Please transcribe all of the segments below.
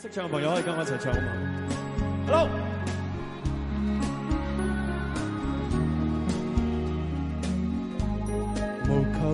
識唱嘅朋友可以跟我一齊唱好嘛，Hello。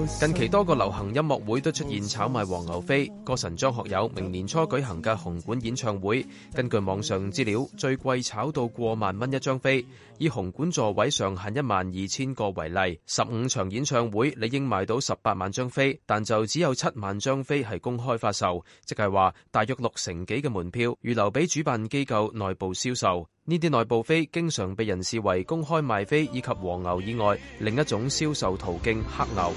近期多個流行音樂會都出現炒賣黃牛飛，歌神張學友明年初舉行嘅紅館演唱會，根據網上資料，最貴炒到過萬蚊一張飛。以紅館座位上限一萬二千個為例，十五場演唱會理應賣到十八萬張飛，但就只有七萬張飛係公開發售，即係話大約六成幾嘅門票預留俾主辦機構內部銷售。呢啲內部飛經常被人視為公開賣飛以及黃牛以外另一種銷售途徑，黑牛。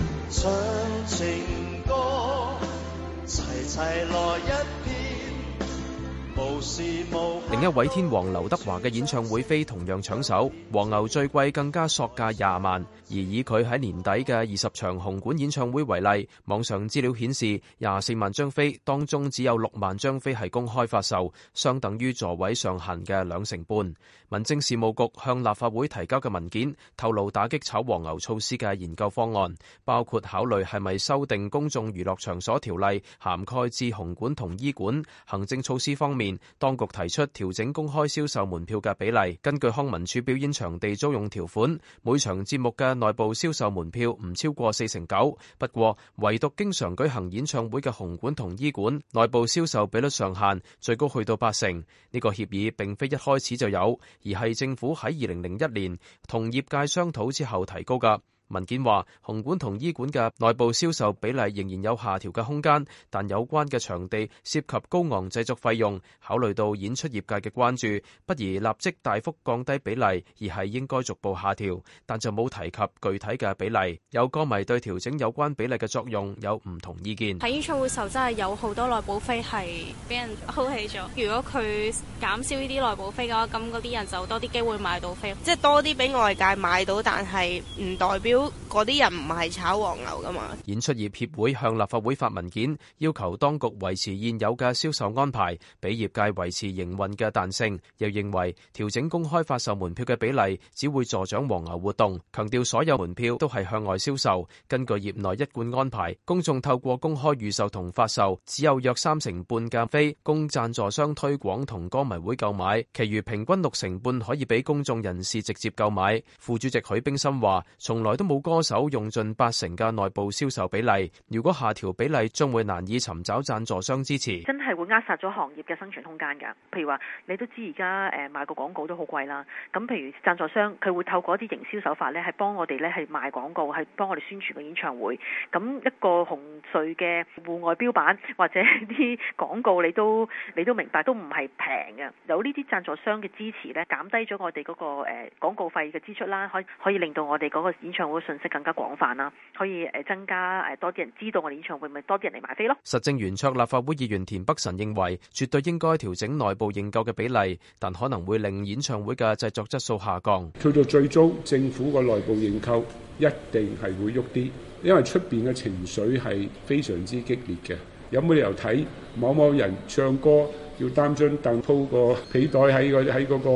另一位天王劉德華嘅演唱會飛同樣搶手，黃牛最貴更加索價廿萬。而以佢喺年底嘅二十場紅館演唱會為例，網上資料顯示廿四萬張飛當中只有六萬張飛係公開發售，相等於座位上限嘅兩成半。民政事務局向立法會提交嘅文件透露打擊炒黃牛措施嘅研究方案，包括考慮係咪修訂公眾娛樂場所條例，涵蓋至紅館同伊館。行政措施方面。當局提出調整公開銷售門票嘅比例，根據康文署表演場地租用條款，每場節目嘅內部銷售門票唔超過四成九。不過，唯獨經常舉行演唱會嘅紅館同伊館，內部銷售比率上限最高去到八成。呢個協議並非一開始就有，而係政府喺二零零一年同業界商討之後提高噶。文件話，紅館同醫館嘅內部銷售比例仍然有下調嘅空間，但有關嘅場地涉及高昂製作費用，考慮到演出業界嘅關注，不宜立即大幅降低比例，而係應該逐步下調。但就冇提及具體嘅比例。有歌迷對調整有關比例嘅作用有唔同意見。喺演唱會嘅時候真係有好多內部飛係俾人好起咗。如果佢減少呢啲內部飛嘅話，咁嗰啲人就多啲機會買到飛，即係多啲俾外界買到，但係唔代表。嗰啲人唔係炒黃牛噶嘛？演出業協會向立法會發文件，要求當局維持現有嘅銷售安排，俾業界維持營運嘅彈性。又認為調整公開發售門票嘅比例，只會助長黃牛活動。強調所有門票都係向外銷售，根據業內一貫安排，公眾透過公開預售同發售，只有約三成半嘅飛供贊助商推廣同歌迷會購買，其餘平均六成半可以俾公眾人士直接購買。副主席許冰心話，從來都。部歌手用盡八成嘅內部銷售比例，如果下調比例，將會難以尋找贊助商支持，真係會扼殺咗行業嘅生存空間噶。譬如話，你都知而家誒買個廣告都好貴啦。咁譬如贊助商，佢會透過一啲營銷手法咧，係幫我哋咧係賣廣告，係幫我哋宣傳個演唱會。咁一個紅隧嘅戶外標版或者啲廣告，你都你都明白都唔係平嘅。有呢啲贊助商嘅支持咧，減低咗我哋嗰個誒廣告費嘅支出啦，可以可以令到我哋嗰個演唱會。信息更加廣泛啦，可以誒增加誒多啲人知道我演唱會，咪多啲人嚟買飛咯。實政圓桌立法會議員田北辰認為，絕對應該調整內部認購嘅比例，但可能會令演唱會嘅製作質素下降。去到最終，政府個內部認購一定係會喐啲，因為出邊嘅情緒係非常之激烈嘅。有冇理由睇某某人唱歌要擔張凳鋪個被袋喺個喺嗰個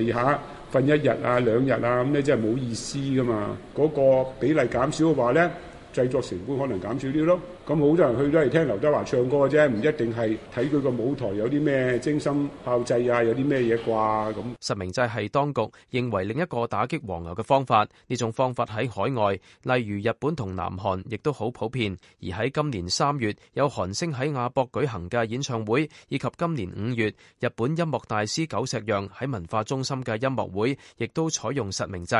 誒地下？瞓一日啊，兩日啊，咁你真係冇意思噶嘛，嗰個比例減少嘅話咧。製作成本可能減少啲咯，咁好多人去都係聽劉德華唱歌嘅啫，唔一定係睇佢個舞台有啲咩精心炮製啊，有啲咩嘢啩。咁。實名制係當局認為另一個打擊黃牛嘅方法，呢種方法喺海外，例如日本同南韓，亦都好普遍。而喺今年三月，有韓星喺亞博舉行嘅演唱會，以及今年五月日本音樂大師久石讓喺文化中心嘅音樂會，亦都採用實名制。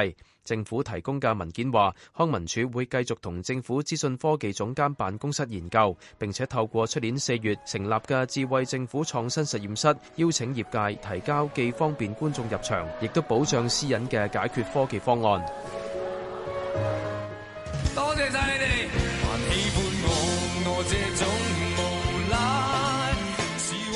政府提供嘅文件話，康文署會繼續同政府資訊科技總監辦公室研究，並且透過出年四月成立嘅智慧政府創新實驗室，邀請業界提交既方便觀眾入場，亦都保障私隱嘅解決科技方案。多謝晒你哋。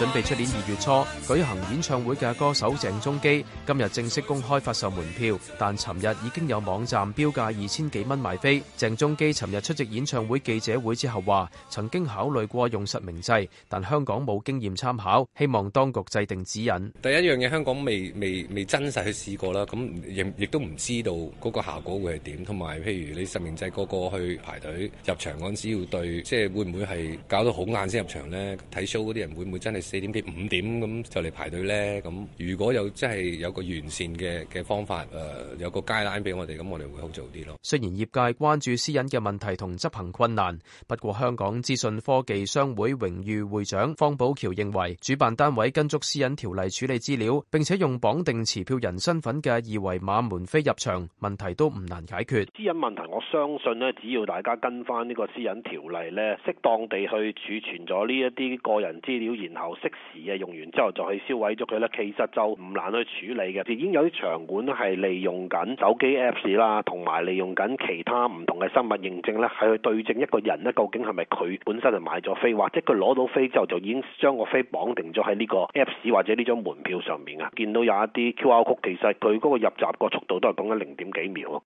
準備出年二月初舉行演唱會嘅歌手鄭中基今日正式公開發售門票，但尋日已經有網站標價二千幾蚊賣飛。鄭中基尋日出席演唱會記者會之後話，曾經考慮過用實名制，但香港冇經驗參考，希望當局制定指引。第一樣嘢香港未未未真實去試過啦，咁亦亦都唔知道嗰個效果會係點，同埋譬如你實名制個個去排隊入場嗰陣時要對，即係會唔會係搞到好晏先入場呢？睇 show 嗰啲人會唔會真係？四點幾，五點咁就嚟排隊呢咁，如果有真係有個完善嘅嘅方法，誒有個街攤俾我哋咁，我哋會好做啲咯。雖然業界關注私隱嘅問題同執行困難，不過香港資訊科技商會榮譽會長方寶橋認為，主辦單位跟足私隱條例處理資料，並且用綁定持票人身份嘅二維碼門飛入場，問題都唔難解決。私隱問題，我相信呢，只要大家跟翻呢個私隱條例呢，適當地去儲存咗呢一啲個人資料，然後。即時啊！用完之後就去銷毀咗佢啦。其實就唔難去處理嘅。已經有啲場館係利用緊手機 Apps 啦，同埋利用緊其他唔同嘅生物認證咧，係去對證一個人咧，究竟係咪佢本身就買咗飛，或者佢攞到飛之後就已經將個飛綁定咗喺呢個 Apps 或者呢張門票上面啊。見到有一啲 QR code，其實佢嗰個入閘個速度都係講緊零點幾秒。